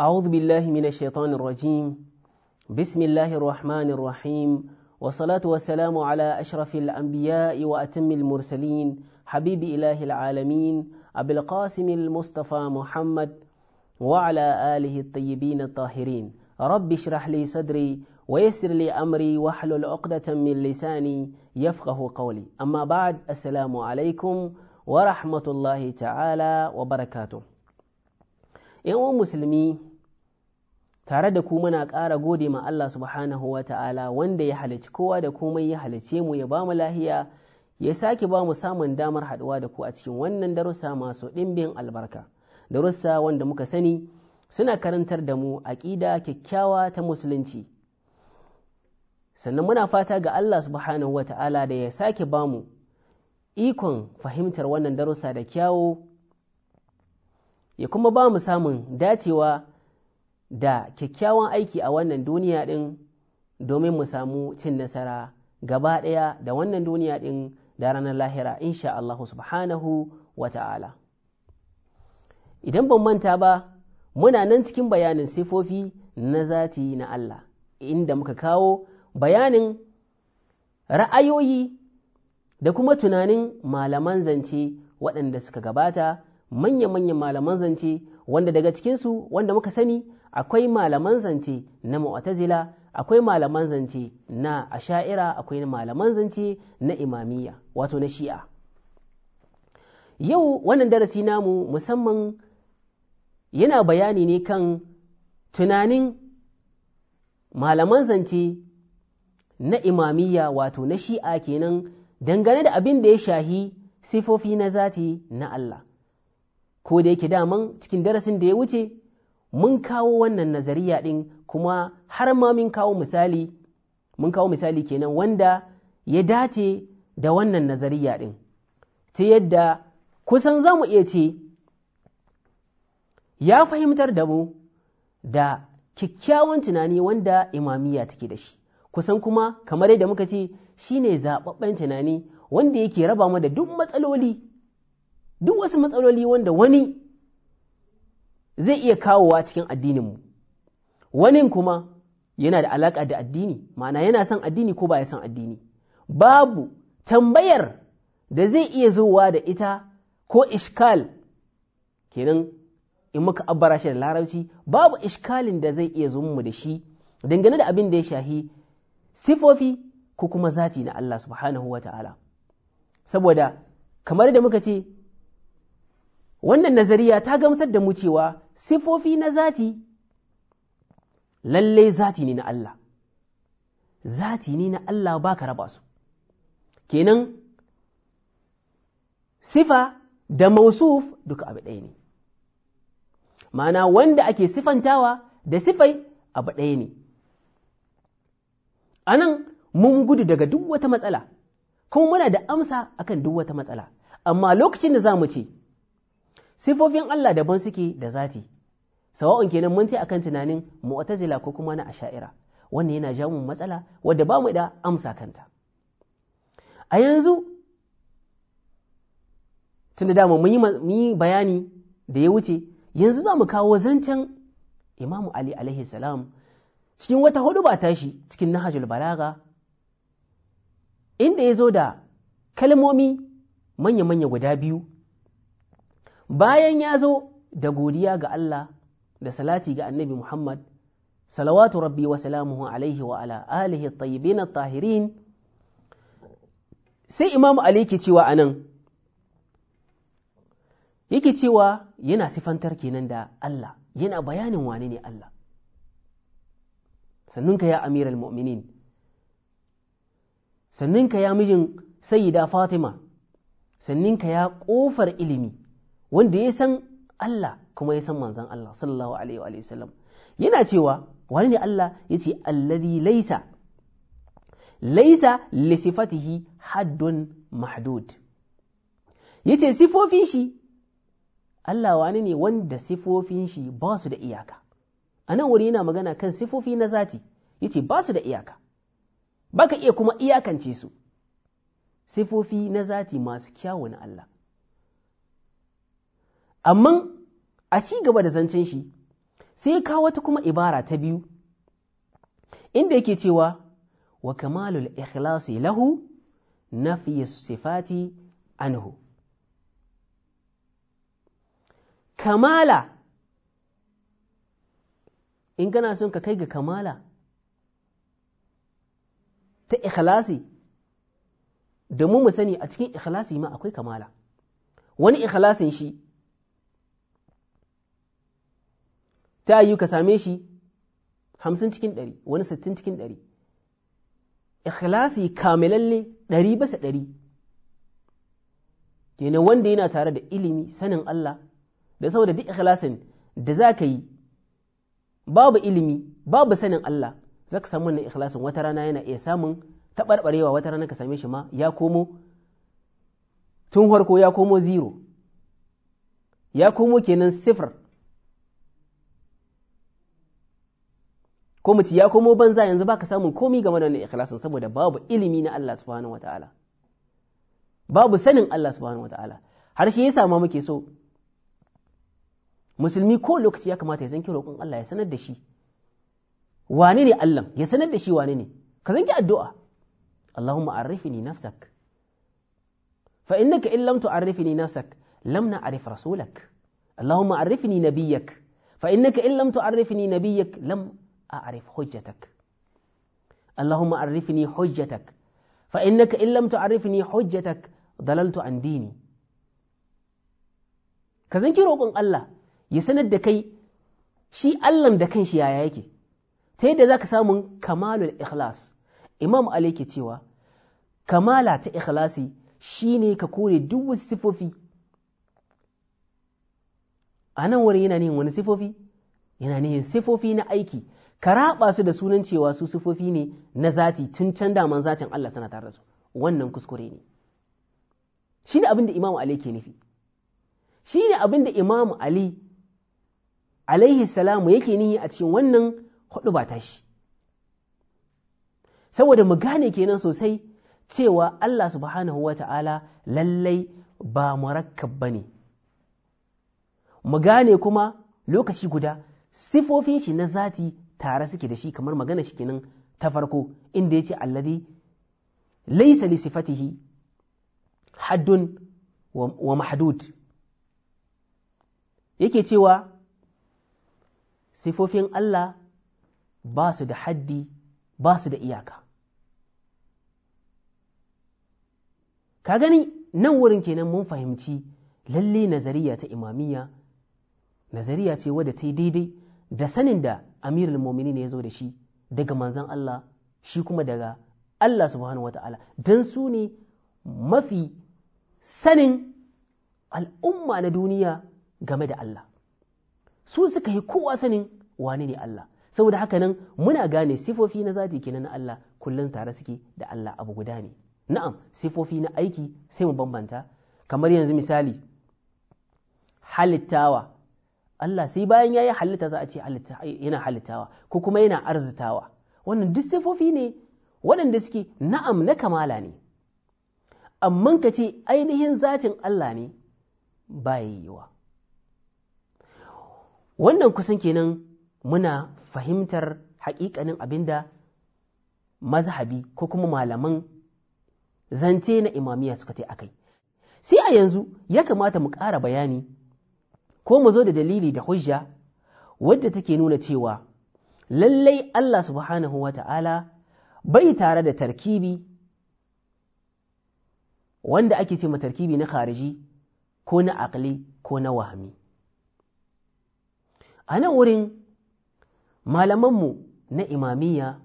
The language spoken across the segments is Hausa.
أعوذ بالله من الشيطان الرجيم بسم الله الرحمن الرحيم وصلاة والسلام على أشرف الأنبياء وأتم المرسلين حبيب إله العالمين أبي القاسم المصطفى محمد وعلى آله الطيبين الطاهرين رب اشرح لي صدري ويسر لي أمري واحلل عقدة من لساني يفقه قولي أما بعد السلام عليكم ورحمة الله تعالى وبركاته يا uwan tare da ku muna ƙara gode ma Allah subhanahu wa ta'ala wanda ya halici kowa da komai ya halice mu ya ba mu lahiya ya sake ba mu samun damar haɗuwa da ku a cikin wannan darussa masu ɗimbin albarka darussa wanda muka sani suna karantar da mu aƙida kyakkyawa ta musulunci sannan muna fata ga Allah subhanahu wa ta'ala da ya sake ba mu ikon fahimtar wannan darussa da kyawo ya kuma ba mu samun dacewa da kyakkyawan aiki a wannan duniya ɗin domin mu samu cin nasara gaba ɗaya da wannan duniya ɗin da ranar lahira insha Allah subhanahu wa ta'ala. Idan ban manta ba, muna nan cikin bayanin sifofi na zati na Allah, inda muka kawo bayanin ra'ayoyi da kuma tunanin malaman zance waɗanda suka gabata, manya-manyan malaman zance wanda daga cikinsu wanda muka sani akwai malaman zance na mu'tazila akwai malaman zance na asha'ira akwai malaman zance na imamiyya wato na shi'a yau wannan darasi namu musamman yana bayani ne kan tunanin malaman zance na imamiyya wato na shi'a kenan dangane da abin da ya shahi sifofi na zati na Allah ko da yake daman cikin darasin da ya wuce mun kawo wannan nazariya ɗin kuma har ma mun kawo misali mun kawo misali kenan wanda ya dace da wannan nazariya ɗin ta yadda kusan za mu iya ce ya fahimtar da mu da kyakkyawan tunani wanda imamiyya take da shi kusan kuma kamar yadda muka ce shine zaɓaɓɓen tunani wanda yake raba mu da duk matsaloli duk wasu matsaloli wanda wani zai iya kawowa cikin addininmu wani kuma yana da alaƙa da addini ma'ana yana son addini ko ba ya son addini babu tambayar da zai iya zowa da ita ko ishkal kenan in muka abbara shi da larabci babu ishkalin da zai iya mu da shi dangane da abin da ya shahi sifofi ko kuma zati na Allah subhanahu wa ta'ala saboda kamar da muka ce wannan nazariya ta gamsar da mu cewa sifofi na zati lallai zati ne na Allah zati ne na Allah ba ka raba su kenan sifa da mausuf duka abu ɗaya ne ma'ana wanda ake sifantawa da sifai abu ɗaya ne a nan mun gudu daga duk wata matsala kuma muna da amsa akan duk wata matsala amma lokacin da za mu ce sifofin Allah daban suke da zati sawa'un kenan mun akan tunanin mu'tazila ko kuma na asha'ira wannan yana jawo mu matsala wadda ba mu da amsa kanta a yanzu tunda dama mun yi bayani da ya wuce yanzu za mu kawo zancen Imam ali alaihi salam cikin wata hudu ba tashi cikin nahajul balaga inda ya zo da kalmomi manya-manya guda biyu bayan ya zo da godiya ga Allah da salati ga annabi Muhammad salawatu rabbi wa salamuhu alaihi wa ala alihi tayyibin tahirin sai Imam Ali ke cewa anan yake cewa yana sifantar kenan da Allah yana bayanin wane ne Allah Sanninka ya amiral mu'minin Sanninka ya mijin sayyida Fatima Sanninka ya ƙofar ilimi wanda ya san Allah kuma ya san manzon Allah sallallahu alaihi wa sallam yana cewa wani ne Allah ya ce laisa laisa li sifatihi haddun mahdud yace sifofin shi Allah wani ne wanda sifofin shi ba su da iyaka anan wuri yana magana kan sifofi na zati yace ba su da iyaka baka iya kuma iyakance su sifofi na zati masu kyawun Allah amma a ci gaba da zancen shi sai ka wata kuma ibara ta biyu inda yake cewa wa kamalul ikhlasi lahu nafi sifati anhu kamala in kana son ka kai ga kamala ta ikhlasi da mu sani a cikin ikhlasi ma akwai kamala wani ikhlasin shi ta yi ka same shi hamsin cikin ɗari wani sittin cikin ɗari ikhlasi kamilalle ɗari basa ɗari kenan wanda yana tare da ilimi sanin Allah da saboda duk ikhlasin da za ka yi babu ilimi babu sanin Allah za ka samu wannan ikhlasin wata rana yana iya samun taɓarɓarewa wata rana ka same shi ma ya komo tun harko ya komo zero ya komo kenan sifar. ko mutum ya komo banza yanzu baka samun komi game da wannan ikhlasin saboda babu ilimi na Allah subhanahu wataala babu sanin Allah subhanahu wataala har shi yasa ma muke so musulmi ko lokaci ya kamata ya san roƙon Allah ya sanar da shi wane ne Allah ya sanar da shi wane ne ka zanki addu'a Allahumma arifni nafsak fa innaka in lam tu'arifni nafsak lam na'rif rasulak Allahumma arifni nabiyyak fa innaka in lam tu'arifni nabiyyak lam أعرف حجتك اللهم عرفني حجتك فإنك إن لم تعرفني حجتك ضللت عن ديني kazanki roƙon Allah ya sanar da kai shi Allah da kan shi yaya yake ta yadda za ka samun kamalul ikhlas imam Ali ke cewa kamala ta ikhlasi shine ka kore duk wasu sifofi a nan wurin yana nihin wani sifofi yana nihin sifofi na aiki ka su da sunan cewa su sufofi ne na zati tun can daman zatin Allah suna tare da su wannan kuskure ne shi ne abin da imamu Ali ke nufi shi abin da imamu Ali alaihi salamu yake nihi a cikin wannan hudu ba tashi saboda mu gane kenan sosai cewa Allah subhanahu wa ta'ala lallai ba murakkab ba ne mu gane kuma lokaci guda sifofin shi na zati tare suke da shi kamar magana shi kenan ta farko inda ya ce alladhi laysa li sifatihi haddun wa mahdud yake cewa sifofin Allah ba su da haddi ba su da iyaka ka gani nan wurin kenan mun fahimci lalle nazariya ta imamiyya nazariya ce wadda ta yi daidai da sanin da amirul mu'minin ya zo da shi daga manzan Allah shi kuma daga Allah subhanahu wata'ala dan su ne mafi sanin al'umma na duniya game da Allah su suka yi kowa sanin wane ne Allah saboda haka nan muna gane sifofi na zati kenan na Allah kullum tare suke da Allah abu guda ne na'am sifofi na aiki sai mu bambanta kamar yanzu misali halittawa Allah sai bayan ya yi halitta za a ce yana halittawa ko kuma yana arzitawa wannan duk sifofi ne waɗanda suke na'am na kamala ne Amma ka ce ainihin zatin Allah ne ba yiwa. wannan kusan kenan muna fahimtar haƙiƙanin abinda mazhabi ko kuma malaman zance na imamiya suka ta akai sai a yanzu ya kamata mu ƙara bayani ko mu zo da dalili da hujja wadda take nuna cewa lallai Allah subhanahu wa ta'ala bai tare da tarkibi wanda ake ce tarkibi na khariji ko na aqli ko na wahami a nan wurin malamanmu na imamiyya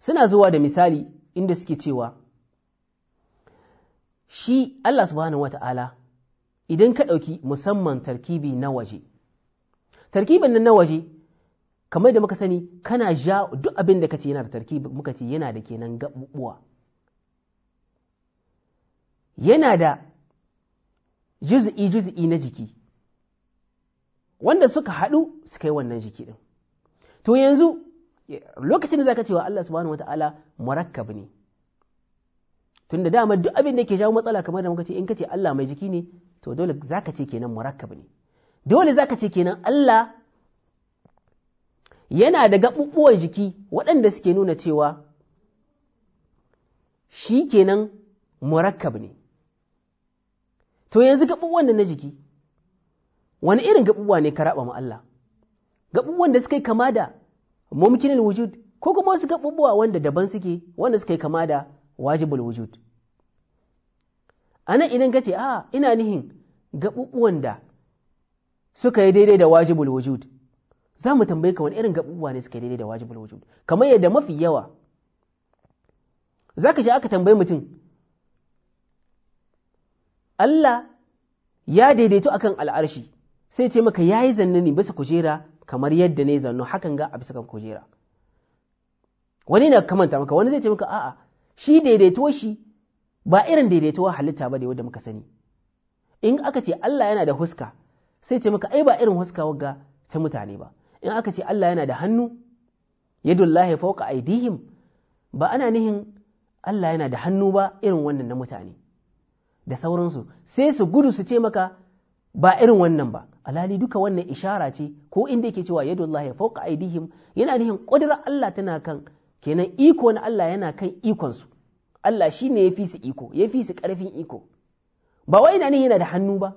suna zuwa da misali inda suke cewa shi Allah subhanahu ta'ala. idan ka ɗauki musamman tarkibi na waje tarkibin nan na waje kamar da muka sani kana ja duk abin da ce yana da tarkibi muka ce yana da kenan gaɓuɓuwa yana da juz'i juz'i na jiki wanda suka haɗu suka yi wannan jiki ɗin to yanzu lokacin da zaka cewa Allah subhanahu wata'ala murakkab ne tunda dama duk abin da ke jawo matsala kamar da muka ce in ka ce Allah mai jiki ne to dole za ka ce kenan murakkab ne dole za ka ce kenan Allah yana da gaɓuɓɓuwan jiki waɗanda suke nuna cewa shi kenan murakkab ne to yanzu gaɓuɓɓuwan da na jiki wani irin gaɓuɓɓuwa ne ka raba ma Allah gaɓuɓɓuwan da suka yi kama da mumkinin wujud ko kuma wasu gaɓuɓɓuwa wanda daban suke wanda suka yi kama da wajibul wujud a nan idan ka ce a ina nihin gaɓuɓuwan da suka yi daidai da wajibul wujud za mu tambaye ka wani irin gaɓuɓuwa ne suka yi daidai da wajibul wujud kamar yadda mafi yawa za ka aka tambaye mutum Allah ya daidaito akan al'arshi sai ce maka ya yi zanne ne bisa kujera kamar yadda ne zanno hakan ga a bisa kan kujera wani na kamanta maka wani zai ce maka a'a shi daidaito shi ba irin daidaituwa halitta ba da wadda muka sani in aka ce Allah yana da huska sai ce maka ai ba irin huska wagga ta mutane ba in aka ce Allah yana da hannu yadullahi fawqa aidihim ba ana nihin Allah yana da hannu ba irin wannan na mutane da sauransu sai su gudu su ce maka ba irin wannan ba Alali duka wannan ishara ce ko inda yake cewa yadullahi fauka aidihim yana nihin ƙudurar Allah tana kan kenan iko na Allah yana kan ikonsu Allah shi ne ya fi su iko ya fi su ƙarfin iko ba wai na ne yana da hannu ba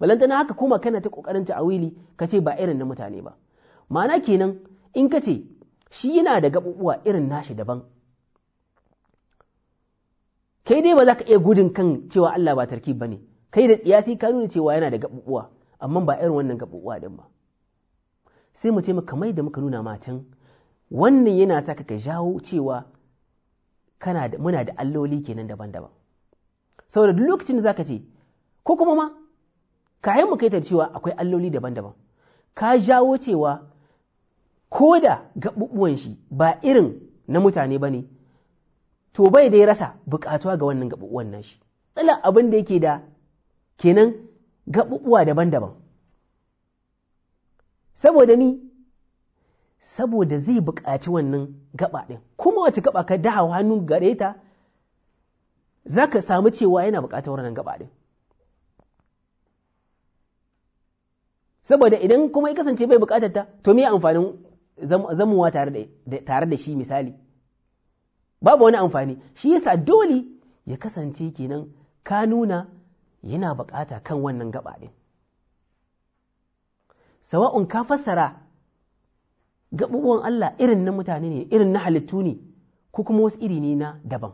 Balanta na haka kuma kana ta ƙoƙarin ta'awili ka ce ba irin na mutane ba ma'ana kenan in ka ce shi yana da gaɓuɓuwa irin nashi daban kai dai ba za ka iya gudun kan cewa Allah ba tarki ba ne kai da tsiyasi ka nuna cewa yana da gaɓuɓuwa amma ba irin wannan gaɓuɓuwa din ba sai mu ce maka mai da muka nuna matan wannan yana saka ka jawo cewa muna da alloli kenan daban-daban saboda duk lokacin da zaka ce ko kuma ma kayan mu kaita cewa akwai alloli daban-daban ka jawo cewa ko da gaɓuɓuwan shi ba irin na mutane ba ne to bai dai rasa buƙatuwa ga wannan gaɓuɓuwan shi. tsala abin da yake da kenan gaɓuɓuwa daban-daban saboda ni saboda zai buƙaci wannan gaba ɗin kuma wace gaba ka da hannun gare ta za ka samu cewa yana buƙatar wannan gaba ɗin saboda idan kuma ya kasance bai buƙatar ta to me amfanin zamuwa tare da shi misali babu wani amfani shi yasa dole ya kasance kenan ka nuna yana buƙata kan wannan gaba ɗin sawa'un ka fassara gaɓuɓuwan Allah irin na mutane ne irin na halittu ne ko kuma wasu iri ne na daban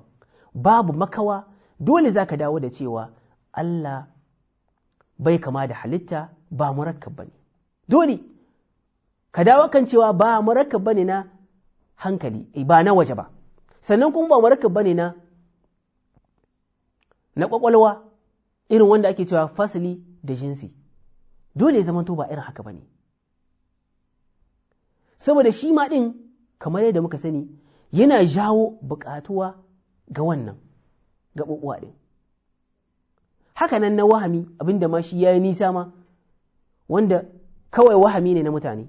babu makawa dole za ka dawo da cewa Allah bai kama da halitta ba murakkab ne. dole ka dawo kan cewa ba murakkab ne na hankali eh, ba na waje ba sannan kuma ba murakkab ba na na kwakwalwa irin wanda ake cewa fasili da jinsi dole ya zama to ba irin haka ba ne. saboda shi ma ɗin kamar yadda muka sani yana jawo buƙatuwa ga wannan ga gaɓuɓuwa ɗin haka nan na wahami abinda ma shi ya yi nisa ma wanda kawai wahami ne na mutane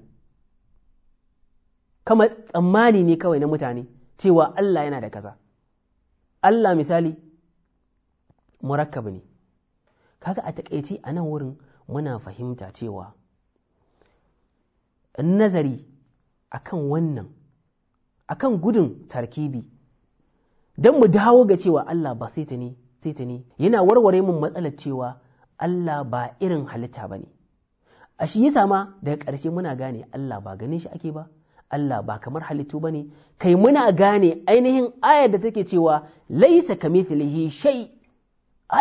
kama tsammani ne kawai na mutane cewa Allah yana da kaza Allah misali murakkab ne kaga a takaice a nan wurin muna fahimta cewa nazari akan wannan akan gudun tarkibi don mu dawo ga cewa Allah ba sai ta ne sai ta ne yana warware mun matsalar cewa Allah ba irin halitta ba ne a shi yasa ma daga ƙarshe muna gane Allah ba ganin shi ake ba Allah ba kamar halittu ba ne kai muna gane ainihin aya da take cewa laisa kamithlihi shay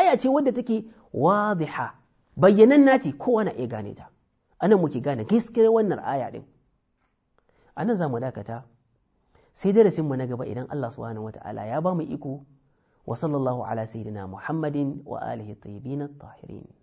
aya ce wadda take wadiha bayyanan nati kowa na iya gane ta anan muke gane gaskiyar wannan aya din a nan za mu dakata sai darasin mu na gaba idan Allah subhanahu wata'ala ya ba mu iko wa sallallahu ala sayyidina Muhammadin wa alihi tayyibin at-tahirin